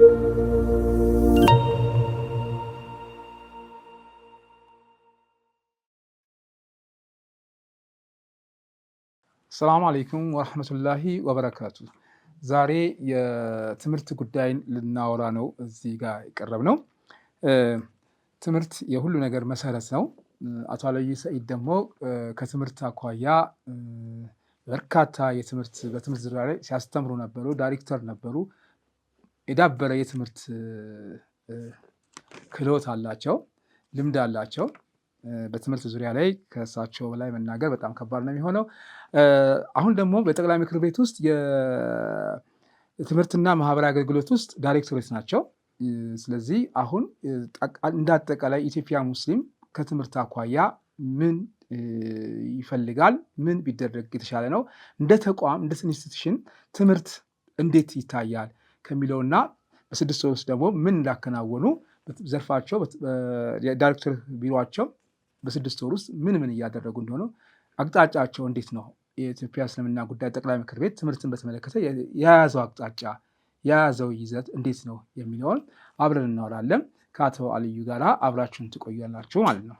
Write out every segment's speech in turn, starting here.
ሰላም አለይኩም ወረህመቱላሂ ወበረካቱ። ዛሬ የትምህርት ጉዳይን ልናወራ ነው እዚህ ጋር የቀረብ ነው። ትምህርት የሁሉ ነገር መሰረት ነው። አቶ አለይ ሰኢድ ደግሞ ከትምህርት አኳያ በርካታ የትምህርት በትምህርት ዙሪያ ላይ ሲያስተምሩ ነበሩ፣ ዳይሬክተር ነበሩ። የዳበረ የትምህርት ክህሎት አላቸው፣ ልምድ አላቸው። በትምህርት ዙሪያ ላይ ከእሳቸው ላይ መናገር በጣም ከባድ ነው የሚሆነው። አሁን ደግሞ በጠቅላይ ምክር ቤት ውስጥ የትምህርትና ማህበራዊ አገልግሎት ውስጥ ዳይሬክቶሬት ናቸው። ስለዚህ አሁን እንዳጠቃላይ ኢትዮጵያ ሙስሊም ከትምህርት አኳያ ምን ይፈልጋል? ምን ቢደረግ የተሻለ ነው? እንደ ተቋም እንደ ኢንስቲትዩሽን ትምህርት እንዴት ይታያል? ከሚለውና በስድስት ወር ውስጥ ደግሞ ምን እንዳከናወኑ ዘርፋቸው ዳይሬክተር ቢሮቸው በስድስት ወር ውስጥ ምን ምን እያደረጉ እንደሆነ አቅጣጫቸው እንዴት ነው የኢትዮጵያ እስልምና ጉዳይ ጠቅላይ ምክር ቤት ትምህርትን በተመለከተ የያዘው አቅጣጫ የያዘው ይዘት እንዴት ነው የሚለውን አብረን እናወራለን። ከአቶ አልዩ ጋር አብራችሁን ትቆያላችሁ ማለት ነው።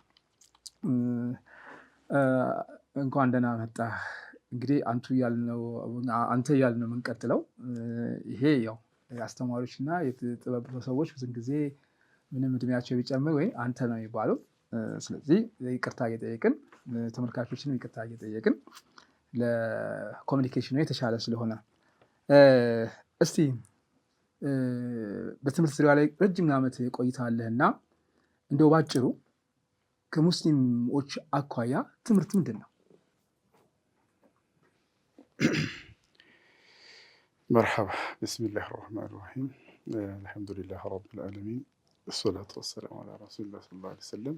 እንኳን ደህና መጣ። እንግዲህ አንተ እያልን ነው የምንቀጥለው። ይሄ ያው አስተማሪዎች እና የጥበብ ሰዎች ብዙን ጊዜ ምንም እድሜያቸው ቢጨምር ወይም አንተ ነው የሚባሉ። ስለዚህ ይቅርታ እየጠየቅን ተመልካቾችንም ይቅርታ እየጠየቅን ለኮሚኒኬሽኑ የተሻለ ስለሆነ እስቲ በትምህርት ዙሪያ ላይ ረጅም ዓመት ቆይታለህ እና እንደው ባጭሩ ከሙስሊሞች አኳያ ትምህርት ምንድን ነው? መርሓባ ብስሚላህ ራሕማን ራሒም አልሐምዱሊላህ ረብልዓለሚን አሰላቱ ወሰላም አላ ረሱሊላህ ሰለላሁ ዓለይሂ ወሰለም።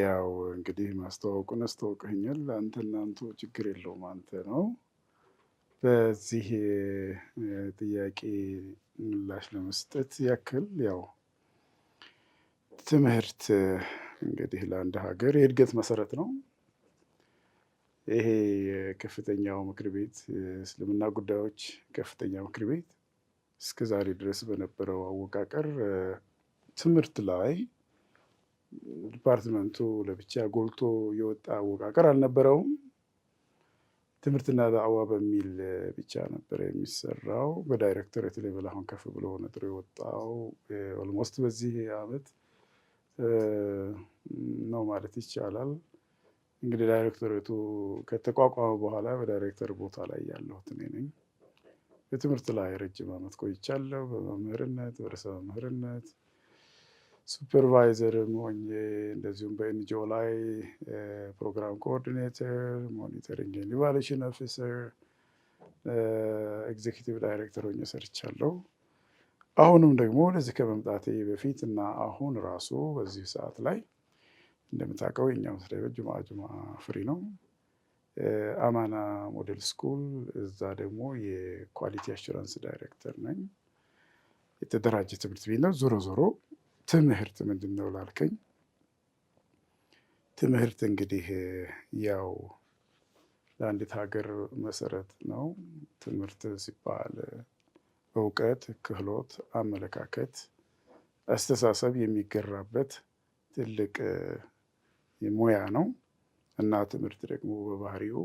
ያው እንግዲህ ማስተዋወቁን አስተዋውቀኛል። አንተና አንቱ ችግር የለውም አንተ ነው። በዚህ ጥያቄ ምላሽ ለመስጠት ያክል ያው ትምህርት እንግዲህ ለአንድ ሀገር የእድገት መሰረት ነው። ይሄ የከፍተኛው ምክር ቤት የእስልምና ጉዳዮች ከፍተኛ ምክር ቤት እስከ ዛሬ ድረስ በነበረው አወቃቀር ትምህርት ላይ ዲፓርትመንቱ ለብቻ ጎልቶ የወጣ አወቃቀር አልነበረውም። ትምህርትና ዳዕዋ በሚል ብቻ ነበረ የሚሰራው። በዳይሬክተር ሌቭል አሁን ከፍ ብሎ ነጥሮ የወጣው ኦልሞስት በዚህ አመት ነው ማለት ይቻላል። እንግዲህ ዳይሬክቶሬቱ ከተቋቋመ በኋላ በዳይሬክተር ቦታ ላይ ያለሁት እኔ ነኝ። በትምህርት ላይ ረጅም ዓመት ቆይቻለሁ። በመምህርነት፣ በርዕሰ መምህርነት፣ ሱፐርቫይዘርም ሆኜ እንደዚሁም በኤንጂኦ ላይ ፕሮግራም ኮኦርዲኔተር፣ ሞኒተሪንግ ኢቫሉዌሽን ኦፊሰር፣ ኤግዜኪቲቭ ዳይሬክተር ሆኜ ሰርቻለሁ። አሁንም ደግሞ ወደዚህ ከመምጣቴ በፊት እና አሁን ራሱ በዚህ ሰዓት ላይ እንደምታውቀው የኛው መስሪያ ጁማ ጁማ ፍሪ ነው። አማና ሞዴል ስኩል እዛ ደግሞ የኳሊቲ አሹራንስ ዳይሬክተር ነኝ። የተደራጀ ትምህርት ቤት ነው። ዞሮ ዞሮ ትምህርት ምንድን ነው ላልከኝ፣ ትምህርት እንግዲህ ያው ለአንዲት ሀገር መሰረት ነው። ትምህርት ሲባል እውቀት፣ ክህሎት፣ አመለካከት፣ አስተሳሰብ የሚገራበት ትልቅ ሙያ ነው እና ትምህርት ደግሞ በባህሪው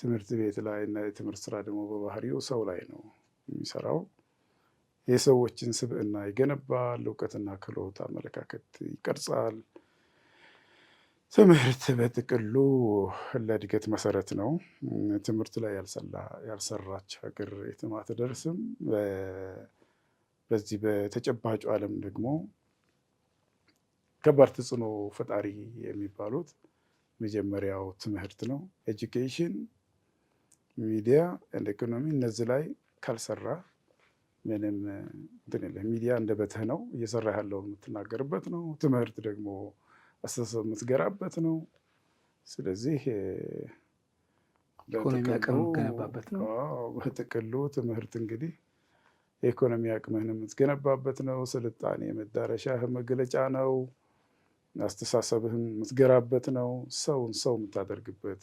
ትምህርት ቤት ላይ እና የትምህርት ስራ ደግሞ በባህሪው ሰው ላይ ነው የሚሰራው። የሰዎችን ስብዕና ይገነባል፣ እውቀትና ክህሎት አመለካከት ይቀርጻል። ትምህርት በጥቅሉ ለእድገት መሰረት ነው። ትምህርት ላይ ያልሰራች ሀገር የትም አትደርስም። በዚህ በተጨባጩ ዓለም ደግሞ ከባድ ተጽዕኖ ፈጣሪ የሚባሉት መጀመሪያው ትምህርት ነው። ኤጁኬሽን፣ ሚዲያ እንደ ኢኮኖሚ እነዚህ ላይ ካልሰራ ምንም ሚዲያ እንደ በትህ ነው። እየሰራ ያለው የምትናገርበት ነው። ትምህርት ደግሞ አስተሳሰብ የምትገራበት ነው። ስለዚህ በጥቅሉ ትምህርት እንግዲህ የኢኮኖሚ አቅምህን የምትገነባበት ነው። ስልጣኔ መዳረሻህ መገለጫ ነው። አስተሳሰብህን የምትገራበት ነው። ሰውን ሰው የምታደርግበት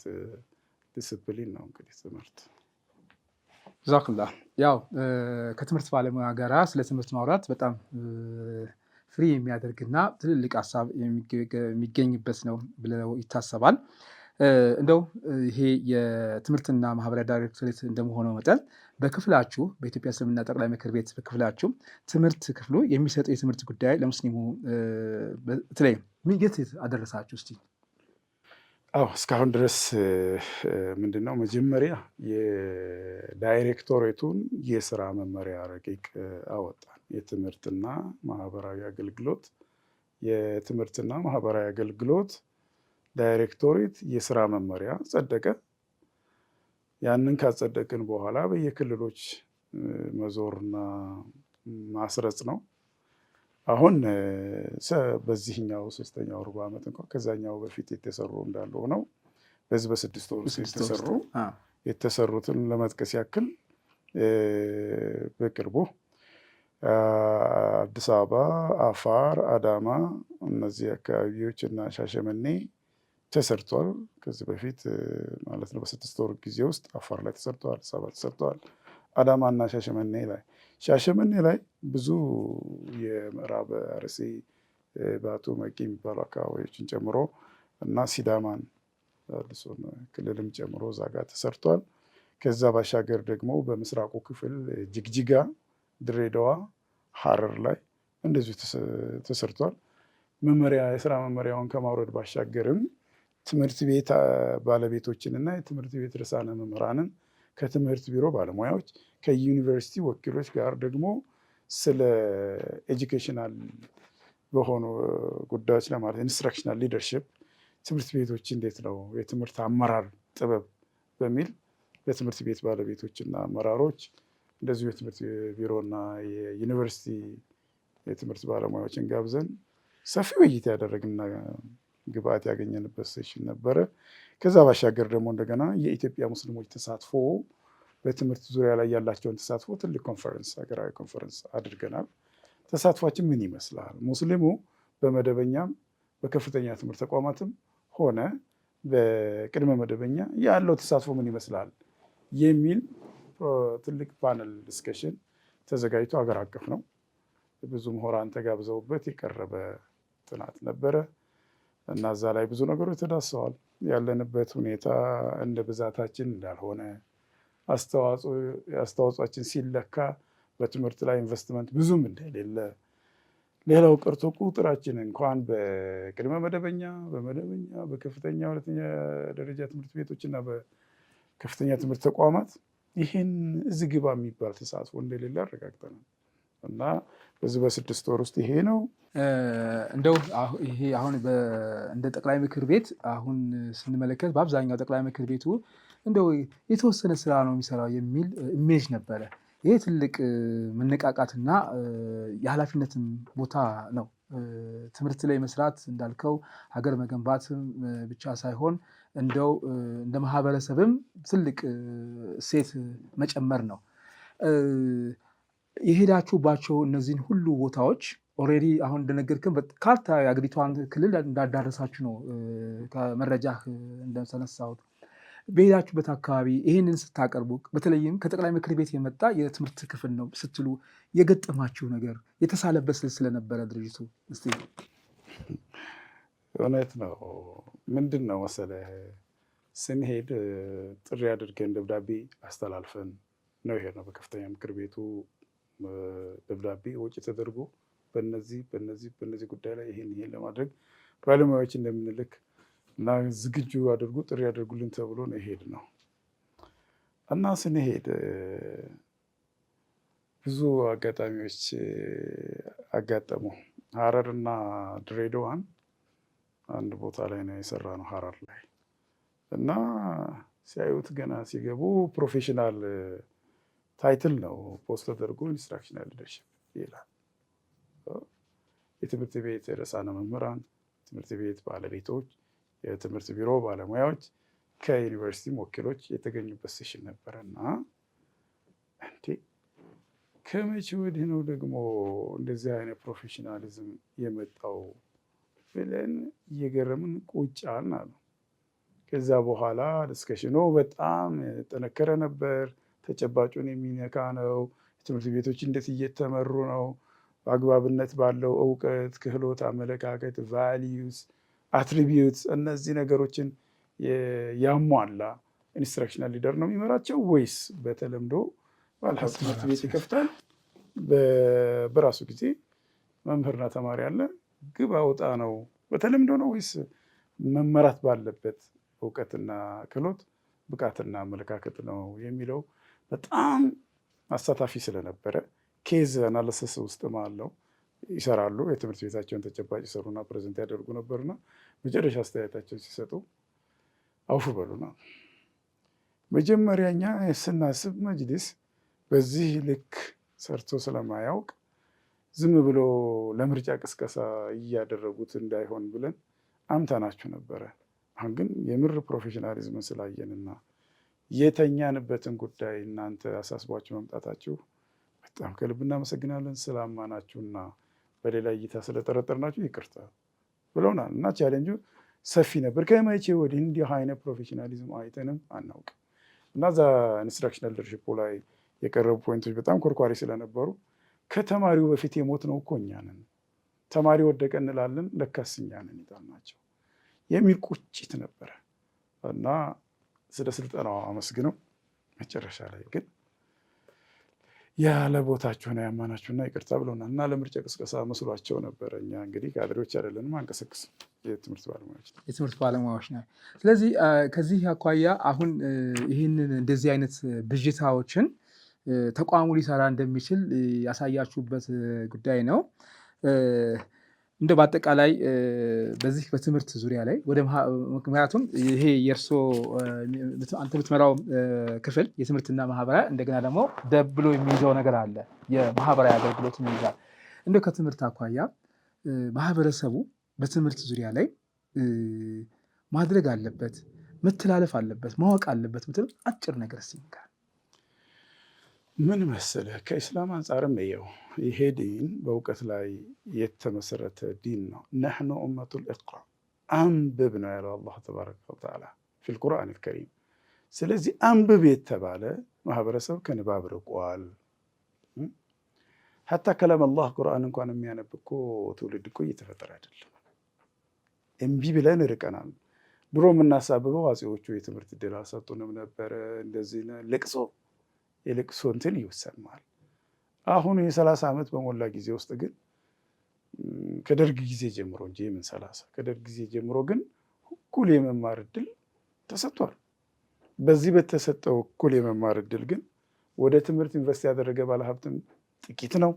ዲስፕሊን ነው እንግዲህ ትምህርት። ዛክላ ያው ከትምህርት ባለሙያ ጋራ ስለ ትምህርት ማውራት በጣም ፍሪ የሚያደርግና ትልልቅ ሀሳብ የሚገኝበት ነው ብለው ይታሰባል። እንደው ይሄ የትምህርትና ማህበራዊ ዳይሬክቶሬት እንደመሆነው መጠን በክፍላችሁ በኢትዮጵያ እስልምና ጠቅላይ ምክር ቤት በክፍላችሁ ትምህርት ክፍሉ የሚሰጠው የትምህርት ጉዳይ ለሙስሊሙ በተለይ ምንጌት አደረሳችሁ? እስኪ አዎ እስካሁን ድረስ ምንድን ነው መጀመሪያ የዳይሬክቶሬቱን የስራ መመሪያ ረቂቅ አወጣን። የትምህርትና ማህበራዊ አገልግሎት የትምህርትና ማህበራዊ አገልግሎት ዳይሬክቶሬት የስራ መመሪያ ጸደቀ። ያንን ካጸደቅን በኋላ በየክልሎች መዞርና ማስረጽ ነው። አሁን በዚህኛው ሶስተኛው ሩብ ዓመት እንኳ ከዛኛው በፊት የተሰሩ እንዳሉ ሆነው በዚህ በስድስት ወር የተሰሩ የተሰሩትን ለመጥቀስ ያክል በቅርቡ አዲስ አበባ፣ አፋር፣ አዳማ እነዚህ አካባቢዎች እና ሻሸመኔ ተሰርቷል። ከዚህ በፊት ማለት ነው በስድስት ወር ጊዜ ውስጥ አፋር ላይ ተሰርተዋል፣ አዲስ አበባ ተሰርተዋል፣ አዳማና ሻሸመኔ ላይ ሻሸመኔ ላይ ብዙ የምዕራብ አርሲ በአቶ መቂ የሚባሉ አካባቢዎችን ጨምሮ እና ሲዳማን አዲሱን ክልልም ጨምሮ እዛ ጋር ተሰርቷል። ከዛ ባሻገር ደግሞ በምስራቁ ክፍል ጅግጅጋ፣ ድሬዳዋ፣ ሀረር ላይ እንደዚሁ ተሰርቷል። መመሪያ የስራ መመሪያውን ከማውረድ ባሻገርም ትምህርት ቤት ባለቤቶችንና የትምህርት ቤት ርዕሳነ መምህራንን ከትምህርት ቢሮ ባለሙያዎች ከዩኒቨርሲቲ ወኪሎች ጋር ደግሞ ስለ ኤጁኬሽናል በሆኑ ጉዳዮች ለማለት ኢንስትራክሽናል ሊደርሽፕ ትምህርት ቤቶች እንዴት ነው የትምህርት አመራር ጥበብ በሚል ለትምህርት ቤት ባለቤቶችና አመራሮች እንደዚሁ የትምህርት ቢሮና የዩኒቨርሲቲ የትምህርት ባለሙያዎችን ጋብዘን ሰፊ ውይይት ያደረግና ግብአት ያገኘንበት ሴሽን ነበረ። ከዛ ባሻገር ደግሞ እንደገና የኢትዮጵያ ሙስሊሞች ተሳትፎ በትምህርት ዙሪያ ላይ ያላቸውን ተሳትፎ ትልቅ ኮንፈረንስ ሀገራዊ ኮንፈረንስ አድርገናል። ተሳትፏችን ምን ይመስላል? ሙስሊሙ በመደበኛም በከፍተኛ ትምህርት ተቋማትም ሆነ በቅድመ መደበኛ ያለው ተሳትፎ ምን ይመስላል የሚል ትልቅ ፓነል ዲስከሽን ተዘጋጅቶ ሀገር አቀፍ ነው። ብዙ ምሁራን ተጋብዘውበት የቀረበ ጥናት ነበረ። እና እዛ ላይ ብዙ ነገሮች ተዳስሰዋል። ያለንበት ሁኔታ እንደ ብዛታችን እንዳልሆነ አስተዋጽኦችን ሲለካ በትምህርት ላይ ኢንቨስትመንት ብዙም እንደሌለ ሌላው ቀርቶ ቁጥራችን እንኳን በቅድመ መደበኛ፣ በመደበኛ፣ በከፍተኛ ሁለተኛ ደረጃ ትምህርት ቤቶች እና በከፍተኛ ትምህርት ተቋማት ይህን እዚህ ግባ የሚባል ተሳትፎ እንደሌለ አረጋግጠናል። እና በዚህ በስድስት ወር ውስጥ ይሄ ነው እንደው ይሄ አሁን እንደ ጠቅላይ ምክር ቤት አሁን ስንመለከት በአብዛኛው ጠቅላይ ምክር ቤቱ እንደው የተወሰነ ስራ ነው የሚሰራው የሚል ኢሜጅ ነበረ። ይሄ ትልቅ መነቃቃትና የኃላፊነትን ቦታ ነው። ትምህርት ላይ መስራት እንዳልከው ሀገር መገንባት ብቻ ሳይሆን እንደው እንደ ማህበረሰብም ትልቅ እሴት መጨመር ነው። የሄዳችሁባቸው እነዚህን ሁሉ ቦታዎች ኦልሬዲ አሁን እንደነገርክም ካርታ የአገሪቷን ክልል እንዳዳረሳችሁ ነው ከመረጃ እንደተነሳሁት። በሄዳችሁበት አካባቢ ይህንን ስታቀርቡ በተለይም ከጠቅላይ ምክር ቤት የመጣ የትምህርት ክፍል ነው ስትሉ የገጠማችሁ ነገር የተሳለበት ስለነበረ ድርጅቱ እስኪ እውነት ነው ምንድን ነው መሰለህ ስንሄድ ጥሪ አድርገን ደብዳቤ አስተላልፈን ነው ነው በከፍተኛ ምክር ቤቱ ደብዳቤ ወጪ ተደርጎ በነዚህ በነዚህ በነዚህ ጉዳይ ላይ ይሄን ይሄን ለማድረግ ባለሙያዎች እንደምንልክ እና ዝግጁ አድርጉ ጥሪ ያደርጉልን ተብሎ ነው ሄድ ነው እና ስንሄድ ብዙ አጋጣሚዎች አጋጠሙ። ሀረር እና ድሬዳዋን አንድ ቦታ ላይ ነው የሰራ ነው ሀረር ላይ እና ሲያዩት ገና ሲገቡ ፕሮፌሽናል ታይትል ነው ፖስት ተደርጎ ኢንስትራክሽናል ሊደርሺፕ ይላል። የትምህርት ቤት ርዕሳነ መምህራን፣ ትምህርት ቤት ባለቤቶች፣ የትምህርት ቢሮ ባለሙያዎች ከዩኒቨርሲቲ ወኪሎች የተገኙበት ሴሽን ነበረ እና እንዴ ከመቼ ወዲህ ነው ደግሞ እንደዚህ አይነት ፕሮፌሽናሊዝም የመጣው ብለን እየገረምን ቁጫን አሉ። ከዛ በኋላ ዲስከሽኑ በጣም ጠነከረ ነበር። ተጨባጩን የሚነካ ነው። ትምህርት ቤቶች እንዴት እየተመሩ ነው? አግባብነት ባለው እውቀት፣ ክህሎት፣ አመለካከት፣ ቫሊዩስ፣ አትሪቢዩት እነዚህ ነገሮችን ያሟላ ኢንስትራክሽናል ሊደር ነው የሚመራቸው ወይስ በተለምዶ ባለሀብት ትምህርት ቤት ይከፍታል፣ በራሱ ጊዜ መምህርና ተማሪ አለ፣ ግብ አውጣ ነው በተለምዶ ነው ወይስ መመራት ባለበት እውቀትና ክህሎት፣ ብቃትና አመለካከት ነው የሚለው በጣም አሳታፊ ስለነበረ ኬዝ አናለሰስ ውስጥም አለው ይሰራሉ። የትምህርት ቤታቸውን ተጨባጭ ይሰሩና ፕሬዘንት ያደርጉ ነበርና መጨረሻ አስተያየታቸውን ሲሰጡ አውፉ በሉና መጀመሪያ ስናስብ መጅሊስ በዚህ ልክ ሰርቶ ስለማያውቅ ዝም ብሎ ለምርጫ ቅስቀሳ እያደረጉት እንዳይሆን ብለን አምታናችሁ ነበረ። አሁን ግን የምር ፕሮፌሽናሊዝም ስላየንና የተኛንበትን ጉዳይ እናንተ አሳስቧችሁ መምጣታችሁ በጣም ከልብ እናመሰግናለን። ስላማናችሁና በሌላ እይታ ስለጠረጠርናችሁ ይቅርታ ብለውናል እና ቻሌንጁ ሰፊ ነበር። ከመቼ ወዲህ እንዲህ አይነት ፕሮፌሽናሊዝም አይተንም አናውቅም እና እዛ ኢንስትራክሽናል ሊደርሺፑ ላይ የቀረቡ ፖይንቶች በጣም ኮርኳሪ ስለነበሩ ከተማሪው በፊት የሞት ነው እኮ እኛንን ተማሪ ወደቀ እንላለን፣ ለካስ እኛ ይጣል ናቸው የሚል ቁጭት ነበረ እና ስለ ስልጠናው አመስግነው መጨረሻ ላይ ግን ያለ ቦታችሁ ነው ያማናችሁና ይቅርታ ብለውናል እና ለምርጫ ቅስቀሳ መስሏቸው ነበረ። እኛ እንግዲህ ካድሬዎች አይደለንም፣ አንቀሰቅስ የትምህርት ባለሙያዎች የትምህርት ባለሙያዎች ነው። ስለዚህ ከዚህ አኳያ አሁን ይህንን እንደዚህ አይነት ብዥታዎችን ተቋሙ ሊሰራ እንደሚችል ያሳያችሁበት ጉዳይ ነው። እንደ በአጠቃላይ በዚህ በትምህርት ዙሪያ ላይ ወደ ምክንያቱም ይሄ የእርሶ አንተ የምትመራው ክፍል የትምህርትና ማህበራዊ እንደገና ደግሞ ደብሎ የሚይዘው ነገር አለ፣ የማህበራዊ አገልግሎት ይይዛል። እንደ ከትምህርት አኳያ ማህበረሰቡ በትምህርት ዙሪያ ላይ ማድረግ አለበት፣ መተላለፍ አለበት፣ ማወቅ አለበት ምትል አጭር ነገር ሲንጋር ምን መሰለህ ከኢስላም አንጻርም እየው ይሄ ዲን በእውቀት ላይ የተመሰረተ ዲን ነው። ነሕኑ ኡመቱል ኢቅራ አንብብ ነው ያለው አላህ ተባረከ ወተዓላ ፊል ቁርአን ልከሪም። ስለዚህ አንብብ የተባለ ማህበረሰብ ከንባብ ርቋል። ሐታ ከላም አላህ ቁርአን እንኳን የሚያነብ እኮ ትውልድ እኮ እየተፈጠረ አይደለም። እምቢ ብለን ርቀናል። ድሮ የምናሳብበው አጼዎቹ የትምህርት ድል አልሰጡንም ነበረ። እንደዚህ ልቅሶ የልቅሶ እንትን ይወሰናል። አሁን የሰላሳ ዓመት በሞላ ጊዜ ውስጥ ግን ከደርግ ጊዜ ጀምሮ እንጂ የምን ሰላሳ ከደርግ ጊዜ ጀምሮ ግን እኩል የመማር እድል ተሰጥቷል። በዚህ በተሰጠው እኩል የመማር እድል ግን ወደ ትምህርት ኢንቨስት ያደረገ ባለሀብትም ጥቂት ነው።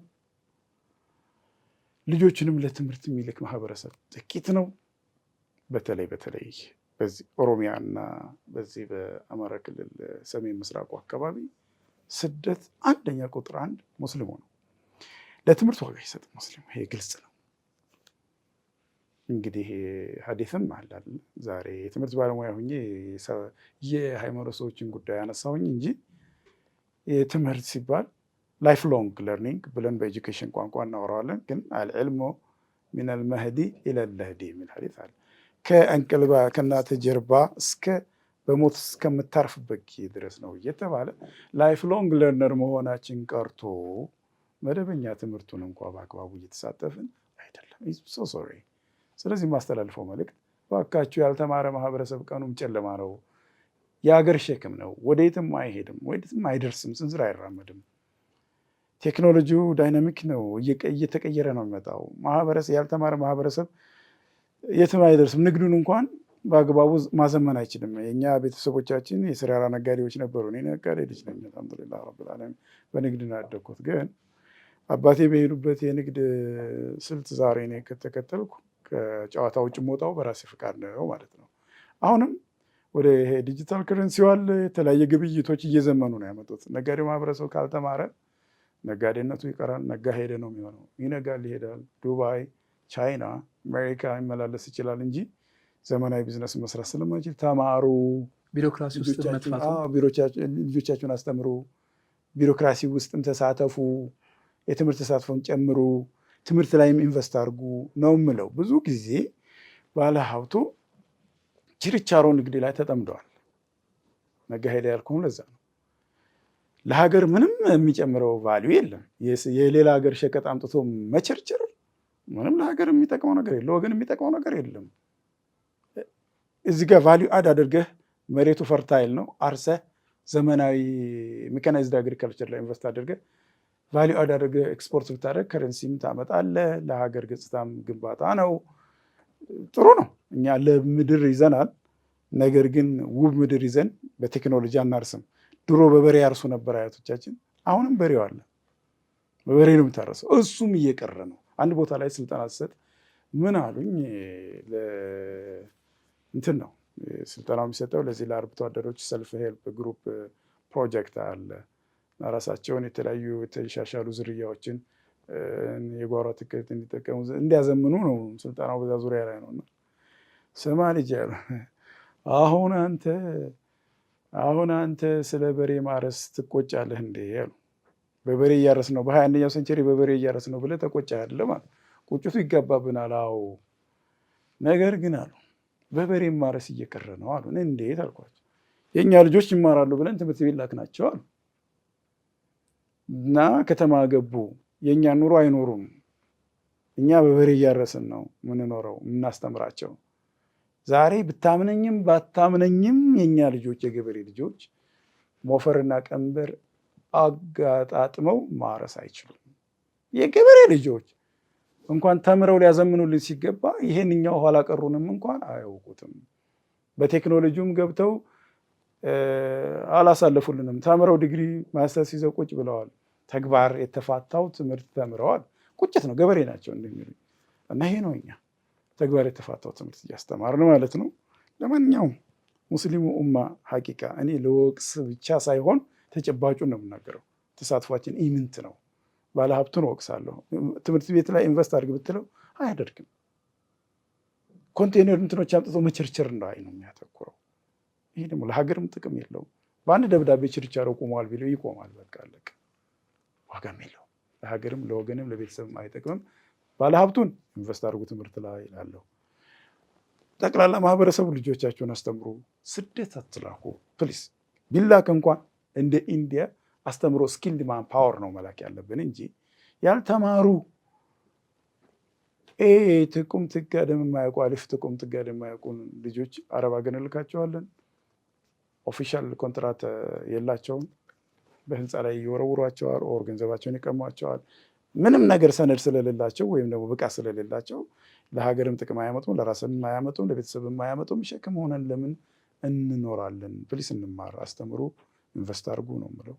ልጆችንም ለትምህርት የሚልክ ማህበረሰብ ጥቂት ነው። በተለይ በተለይ በዚህ ኦሮሚያ እና በዚህ በአማራ ክልል ሰሜን ምስራቁ አካባቢ ስደት አንደኛ ቁጥር አንድ ሙስሊሙ ነው። ለትምህርት ዋጋ ይሰጥ ሙስሊሙ። ይሄ ግልጽ ነው። እንግዲህ ሀዲትም አላል ዛሬ የትምህርት ባለሙያ ሁኜ የሃይማኖት ሰዎችን ጉዳይ አነሳሁኝ እንጂ ትምህርት ሲባል ላይፍ ሎንግ ለርኒንግ ብለን በኤጁኬሽን ቋንቋ እናወራዋለን። ግን አልዕልሙ ሚነል መህዲ የሚል ሀዲት አለ። ከእንቅልባ ከእናተ ጀርባ እስከ በሞት እስከምታርፍበት ጊዜ ድረስ ነው እየተባለ ላይፍ ሎንግ ለርነር መሆናችን ቀርቶ መደበኛ ትምህርቱን እንኳ በአግባቡ እየተሳተፍን አይደለም። ሶ ሶሪ። ስለዚህ የማስተላልፈው መልእክት እባካችሁ ያልተማረ ማህበረሰብ ቀኑም ጨለማ ነው፣ የሀገር ሸክም ነው፣ ወደየትም አይሄድም፣ ወደየትም አይደርስም፣ ስንዝር አይራመድም። ቴክኖሎጂው ዳይናሚክ ነው፣ እየተቀየረ ነው የሚመጣው። ማህበረሰብ ያልተማረ ማህበረሰብ የትም አይደርስም። ንግዱን እንኳን በአግባቡ ማዘመን አይችልም። የእኛ ቤተሰቦቻችን የስራራ ነጋዴዎች ነበሩ። እኔ ነጋዴ ልጅ ነኝ፣ አልሐምዱሊላህ ረብል ዓለሚን በንግድ ነው ያደግኩት። ግን አባቴ በሄዱበት የንግድ ስልት ዛሬ እኔ ከተከተልኩ ከጨዋታ ውጭ የምወጣው በራሴ ፍቃድ ነው ማለት ነው። አሁንም ወደ ይሄ ዲጂታል ከረንሲው አለ የተለያየ ግብይቶች እየዘመኑ ነው ያመጡት። ነጋዴው ማህበረሰብ ካልተማረ ነጋዴነቱ ይቀራል። ነጋ ሄደ ነው የሚሆነው። ይነጋል፣ ይሄዳል። ዱባይ፣ ቻይና፣ አሜሪካ ይመላለስ ይችላል እንጂ ዘመናዊ ቢዝነስ መስራት ስለማይችል ተማሩ፣ ቢሮክራሲ ልጆቻችሁን አስተምሩ፣ ቢሮክራሲ ውስጥም ተሳተፉ፣ የትምህርት ተሳትፎን ጨምሩ፣ ትምህርት ላይም ኢንቨስት አድርጉ ነው የምለው። ብዙ ጊዜ ባለሀብቱ ችርቻሮ ንግድ ላይ ተጠምደዋል። መጋሄድ ያልኩህ ለዛ ነው። ለሀገር ምንም የሚጨምረው ቫሊዩ የለም። የሌላ ሀገር ሸቀጥ አምጥቶ መቸርችር ምንም ለሀገር የሚጠቅመው ነገር የለም። ወገን የሚጠቅመው ነገር የለም። እዚ ጋ ቫሊዩ አድ አድርገህ መሬቱ ፈርታይል ነው አርሰህ ዘመናዊ ሜካናይዝድ አግሪካልቸር ላይ ኢንቨስት አድርገህ ቫሊዩ አድ አድርገህ ኤክስፖርት ብታደርግ ከረንሲም ታመጣለህ። ለሀገር ገጽታም ግንባታ ነው። ጥሩ ነው። እኛ ለምድር ይዘናል። ነገር ግን ውብ ምድር ይዘን በቴክኖሎጂ አናርስም። ድሮ በበሬ ያርሱ ነበር አያቶቻችን። አሁንም በሬው አለ፣ በበሬ ነው የምታረሰው። እሱም እየቀረ ነው። አንድ ቦታ ላይ ስልጠና ስሰጥ ምን አሉኝ እንትን ነው ስልጠናው የሚሰጠው ለዚህ ለአርብቶ አደሮች ሰልፍ ሄልፕ ግሩፕ ፕሮጀክት አለ። ራሳቸውን የተለያዩ የተሻሻሉ ዝርያዎችን የጓሮ አትክልት እንዲጠቀሙ እንዲያዘምኑ ነው ስልጠናው በዛ ዙሪያ ላይ ነው ስማ ልጅ አሁን አንተ አሁን አንተ ስለ በሬ ማረስ ትቆጫለህ እንዴ ያሉ በበሬ እያረስ ነው በሀያ አንደኛው ሴንቸሪ በበሬ እያረስ ነው ብለህ ተቆጫለህ ማለት ቁጭቱ ይገባብናል። አዎ ነገር ግን አሉ በበሬ ማረስ እየቀረ ነው አሉ። እንዴት አልኳቸው። የእኛ ልጆች ይማራሉ ብለን ትምህርት ቤት ላክናቸው አሉ እና ከተማ ገቡ። የእኛ ኑሮ አይኖሩም። እኛ በበሬ እያረስን ነው የምንኖረው የምናስተምራቸው። ዛሬ ብታምነኝም ባታምነኝም የእኛ ልጆች የገበሬ ልጆች ሞፈርና ቀንበር አጋጣጥመው ማረስ አይችሉም። የገበሬ ልጆች እንኳን ተምረው ሊያዘምኑልን ሲገባ ይሄንኛው ኋላ ቀሩንም እንኳን አያውቁትም። በቴክኖሎጂውም ገብተው አላሳለፉልንም። ተምረው ዲግሪ ማስተርስ ይዘው ቁጭ ብለዋል። ተግባር የተፋታው ትምህርት ተምረዋል። ቁጭት ነው፣ ገበሬ ናቸው እንደሚሉ እና ይሄ ነው እኛ ተግባር የተፋታው ትምህርት እያስተማርን ማለት ነው። ለማንኛውም ሙስሊሙ ኡማ ሀቂቃ እኔ ለወቅስ ብቻ ሳይሆን ተጨባጩን ነው የምናገረው። ተሳትፏችን ኢምንት ነው። ባለሀብቱን ወቅሳለሁ። ትምህርት ቤት ላይ ኢንቨስት አድርግ ብትለው አያደርግም። ኮንቴነር እንትኖች አምጥቶ መቸርቸር እንዳይ ነው የሚያተኩረው። ይሄ ደግሞ ለሀገርም ጥቅም የለውም። በአንድ ደብዳቤ ችርቻሮ ቁመዋል ቢለው ይቆማል። በቃ አለቀ። ዋጋም የለው። ለሀገርም ለወገንም ለቤተሰብም አይጠቅምም። ባለሀብቱን ኢንቨስት አድርጉ ትምህርት ላይ እላለሁ። ጠቅላላ ማህበረሰቡ ልጆቻቸውን አስተምሩ። ስደት አትላኩ ፕሊስ። ቢላክ እንኳን እንደ ኢንዲያ አስተምሮ ስኪልድ ማን ፓወር ነው መላክ ያለብን እንጂ ያልተማሩ ትቁም ትጋደም የማያውቁ አሊፍ ትቁም ትጋደም የማያውቁን ልጆች አረብ ሀገር እንልካቸዋለን። ኦፊሻል ኮንትራት የላቸውም። በህንፃ ላይ ይወረውሯቸዋል፣ ኦር ገንዘባቸውን ይቀሟቸዋል። ምንም ነገር ሰነድ ስለሌላቸው ወይም ደግሞ ብቃት ስለሌላቸው ለሀገርም ጥቅም አያመጡም፣ ለራስም አያመጡም፣ ለቤተሰብም አያመጡም። ሸክም ሆነን ለምን እንኖራለን? ፕሊስ እንማር፣ አስተምሩ፣ ኢንቨስት አድርጉ ነው የምለው።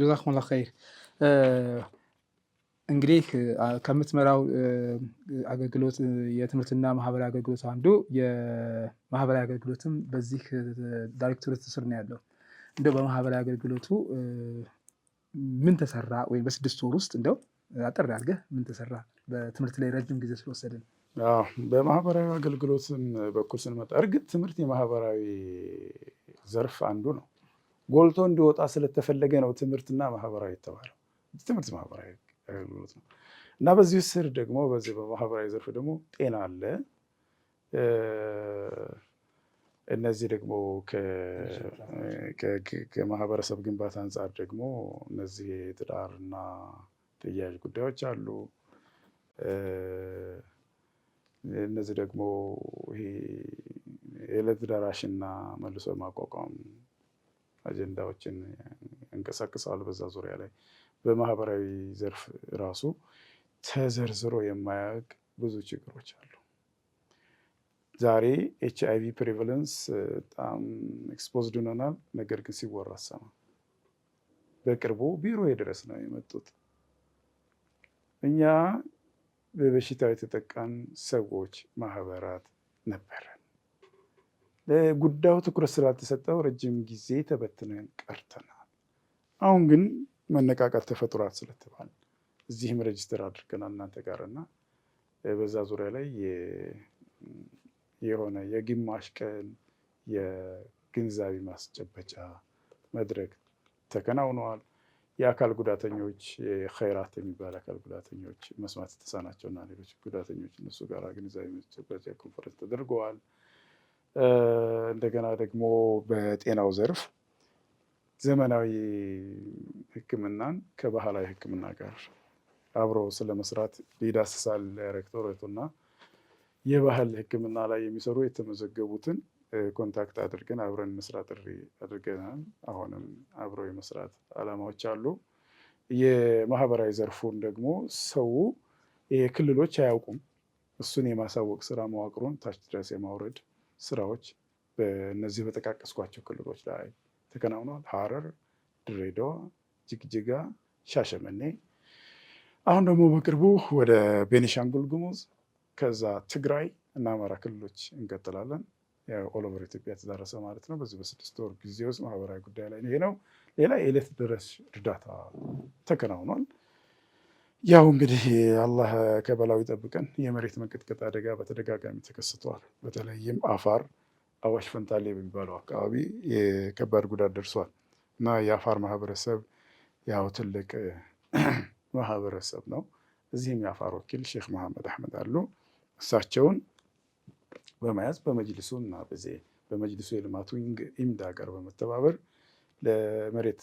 ጀዛኩም ላ ኸይር። እንግዲህ ከምትመራው አገልግሎት የትምህርትና ማህበራዊ አገልግሎት አንዱ የማህበራዊ አገልግሎትም በዚህ ዳይሬክቶሬት ስር ነው ያለው። እንደው በማህበራዊ አገልግሎቱ ምን ተሰራ ወይም በስድስት ወር ውስጥ እንደው አጠር አድርገህ ምን ተሰራ? በትምህርት ላይ ረጅም ጊዜ ስለወሰድን በማህበራዊ አገልግሎትን በኩል ስንመጣ እርግጥ ትምህርት የማህበራዊ ዘርፍ አንዱ ነው። ጎልቶ እንዲወጣ ስለተፈለገ ነው ትምህርትና ማህበራዊ የተባለው። ትምህርት ማህበራዊ አገልግሎት ነው እና በዚህ ስር ደግሞ በዚህ በማህበራዊ ዘርፍ ደግሞ ጤና አለ። እነዚህ ደግሞ ከማህበረሰብ ግንባታ አንጻር ደግሞ እነዚህ የትዳርና ተያያዥ ጉዳዮች አሉ። እነዚህ ደግሞ ይሄ የዕለት ደራሽና መልሶ ማቋቋም አጀንዳዎችን ያንቀሳቅሰዋል። በዛ ዙሪያ ላይ በማህበራዊ ዘርፍ ራሱ ተዘርዝሮ የማያውቅ ብዙ ችግሮች አሉ። ዛሬ ኤች አይቪ ፕሪቫለንስ በጣም ኤክስፖዝድ ሆነናል። ነገር ግን ሲወራ ሰማ በቅርቡ ቢሮ ድረስ ነው የመጡት። እኛ በበሽታው የተጠቃን ሰዎች ማህበራት ነበረ። ለጉዳዩ ትኩረት ስላልተሰጠው ረጅም ጊዜ ተበትነን ቀርተናል። አሁን ግን መነቃቃት ተፈጥሯል ስለተባል እዚህም ሬጅስተር አድርገናል እናንተ ጋር እና በዛ ዙሪያ ላይ የሆነ የግማሽ ቀን የግንዛቤ ማስጨበጫ መድረክ ተከናውነዋል። የአካል ጉዳተኞች የኸይራት የሚባል አካል ጉዳተኞች መስማት የተሳናቸው እና ሌሎች ጉዳተኞች እነሱ ጋር ግንዛቤ ማስጨበጫ ኮንፈረንስ ተደርገዋል። እንደገና ደግሞ በጤናው ዘርፍ ዘመናዊ ሕክምናን ከባህላዊ ሕክምና ጋር አብሮ ስለመስራት ሊዳስሳል እና የባህል ሕክምና ላይ የሚሰሩ የተመዘገቡትን ኮንታክት አድርገን አብረን መስራት ጥሪ አድርገናል። አሁንም አብሮ የመስራት አላማዎች አሉ። የማህበራዊ ዘርፉን ደግሞ ሰው የክልሎች አያውቁም። እሱን የማሳወቅ ስራ መዋቅሩን ታች ድረስ የማውረድ ስራዎች በእነዚህ በጠቃቀስኳቸው ክልሎች ላይ ተከናውኗል። ሐረር፣ ድሬዳዋ፣ ጅግጅጋ፣ ሻሸመኔ አሁን ደግሞ በቅርቡ ወደ ቤኒሻንጉል ጉሙዝ ከዛ ትግራይ እና አማራ ክልሎች እንቀጥላለን። ኦሎቨር ኢትዮጵያ የተዳረሰ ማለት ነው። በዚህ በስድስት ወር ጊዜ ውስጥ ማህበራዊ ጉዳይ ላይ ይሄ ነው። ሌላ የዕለት ደረስ እርዳታ ተከናውኗል። ያው እንግዲህ አላህ ከበላው ይጠብቀን። የመሬት መንቀጥቀጥ አደጋ በተደጋጋሚ ተከስተዋል። በተለይም አፋር አዋሽ ፈንታሌ በሚባለው አካባቢ የከባድ ጉዳት ደርሷል እና የአፋር ማህበረሰብ ያው ትልቅ ማህበረሰብ ነው። እዚህም የአፋር ወኪል ሼክ መሐመድ አህመድ አሉ። እሳቸውን በመያዝ በመጅልሱ እና በመጅልሱ የልማቱ ኢምዳ ጋር በመተባበር ለመሬት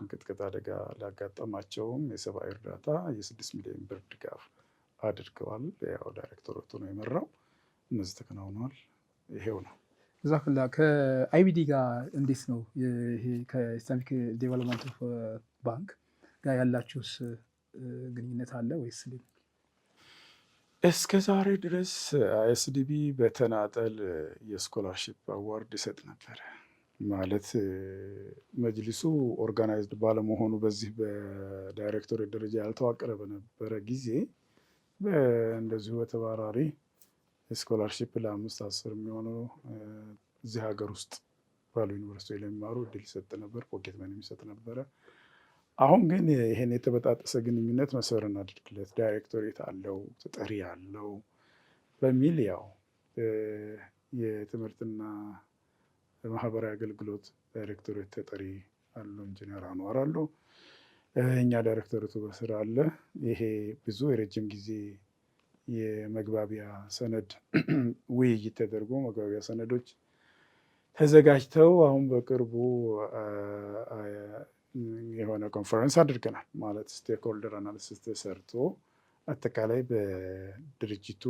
እንቅጥቅጥ አደጋ ላጋጠማቸውም የሰብአዊ እርዳታ የስድስት ሚሊዮን ብር ድጋፍ አድርገዋል። ያው ዳይሬክተሮቱ ነው የመራው። እነዚህ ተከናውኗል። ይሄው ነው። ዛክላ ከአይቢዲ ጋር እንዴት ነው ይሄ ከኢስላሚክ ዴቨሎፕመንት ባንክ ጋር ያላችሁስ ግንኙነት አለ ወይስ? እስከ ዛሬ ድረስ አይኤስዲቢ በተናጠል የስኮላርሽፕ አዋርድ ይሰጥ ነበረ ማለት መጅሊሱ ኦርጋናይዝድ ባለመሆኑ በዚህ በዳይሬክቶሬት ደረጃ ያልተዋቀረ በነበረ ጊዜ እንደዚሁ በተባራሪ ስኮላርሽፕ ለአምስት አስር የሚሆኑ እዚህ ሀገር ውስጥ ባሉ ዩኒቨርሲቲ ለሚማሩ እድል ይሰጥ ነበር፣ ፖኬት መን የሚሰጥ ነበረ። አሁን ግን ይሄን የተበጣጠሰ ግንኙነት መሰረን አድርግለት ዳይሬክቶሬት አለው፣ ተጠሪ አለው በሚል ያው የትምህርትና በማህበራዊ አገልግሎት ዳይሬክቶሬት ተጠሪ አሉ፣ ኢንጂነር አኗር አሉ። እኛ ዳይሬክቶሬቱ በስራ አለ። ይሄ ብዙ የረጅም ጊዜ የመግባቢያ ሰነድ ውይይት ተደርጎ መግባቢያ ሰነዶች ተዘጋጅተው አሁን በቅርቡ የሆነ ኮንፈረንስ አድርገናል። ማለት ስቴክሆልደር አናሊሲስ ተሰርቶ አጠቃላይ በድርጅቱ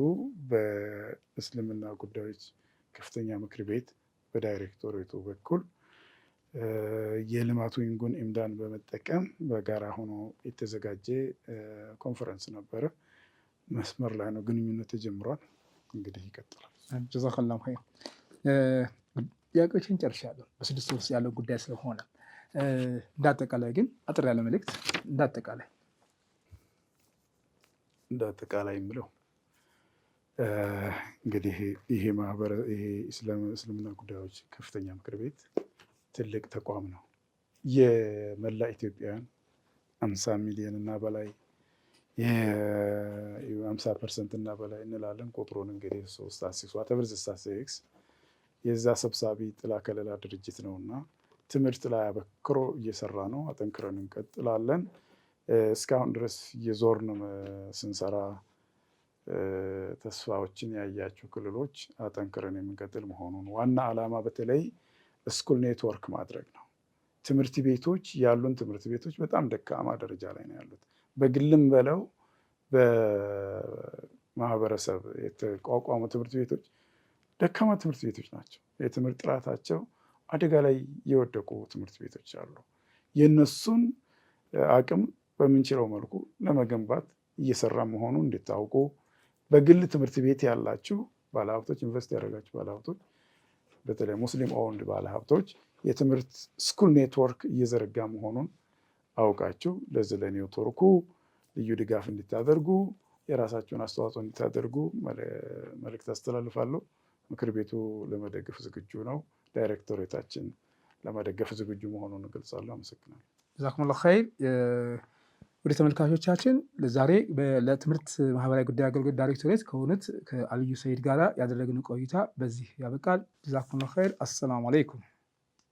በእስልምና ጉዳዮች ከፍተኛ ምክር ቤት በዳይሬክቶሬቱ በኩል የልማቱ ይንጉን ኢምዳን በመጠቀም በጋራ ሆኖ የተዘጋጀ ኮንፈረንስ ነበረ። መስመር ላይ ነው፣ ግንኙነት ተጀምሯል። እንግዲህ ይቀጥላል። ጀዛከላሁ ኸይር። ጥያቄዎችን ጨርሻለሁ። በስድስት ውስጥ ያለው ጉዳይ ስለሆነ እንዳጠቃላይ ግን አጥር ያለ መልእክት እንዳጠቃላይ እንዳጠቃላይ የምለው እንግዲህ ይሄ ማህበረ ይሄ እስልምና ጉዳዮች ከፍተኛ ምክር ቤት ትልቅ ተቋም ነው። የመላ ኢትዮጵያውያን አምሳ ሚሊዮን እና በላይ አምሳ ፐርሰንት እና በላይ እንላለን። ቁጥሩን እንግዲህ ሶስት አሲስ ዋተብር ስታሲክስ የዛ ሰብሳቢ ጥላ ከለላ ድርጅት ነው እና ትምህርት ላይ አበክሮ እየሰራ ነው። አጠንክረን እንቀጥላለን። እስካሁን ድረስ እየዞርን ስንሰራ ተስፋዎችን ያያቸው ክልሎች አጠንክረን የምንቀጥል መሆኑን ዋና ዓላማ በተለይ ስኩል ኔትወርክ ማድረግ ነው። ትምህርት ቤቶች ያሉን ትምህርት ቤቶች በጣም ደካማ ደረጃ ላይ ነው ያሉት። በግልም በለው በማህበረሰብ የተቋቋሙ ትምህርት ቤቶች ደካማ ትምህርት ቤቶች ናቸው። የትምህርት ጥራታቸው አደጋ ላይ የወደቁ ትምህርት ቤቶች አሉ። የእነሱን አቅም በምንችለው መልኩ ለመገንባት እየሰራ መሆኑን እንድታውቁ በግል ትምህርት ቤት ያላችሁ ባለሀብቶች፣ ኢንቨስት ያደረጋችሁ ባለሀብቶች፣ በተለይ ሙስሊም ኦውንድ ባለሀብቶች የትምህርት ስኩል ኔትወርክ እየዘረጋ መሆኑን አውቃችሁ ለዚህ ለኔትወርኩ ልዩ ድጋፍ እንድታደርጉ የራሳችሁን አስተዋጽኦ እንድታደርጉ መልእክት አስተላልፋለሁ። ምክር ቤቱ ለመደገፍ ዝግጁ ነው። ዳይሬክቶሬታችን ለመደገፍ ዝግጁ መሆኑን እንገልጻለሁ። አመሰግናለሁ። ጀዛኩሙላሁ ኸይር። ወደ ተመልካቾቻችን ለዛሬ ለትምህርት ማህበራዊ ጉዳይ አገልግሎት ዳይሬክቶሬት ከሆኑት ከአልዩ ሰይድ ጋር ያደረግነው ቆይታ በዚህ ያበቃል። ጀዛኩሙላሁ ኸይር። አሰላሙ አለይኩም።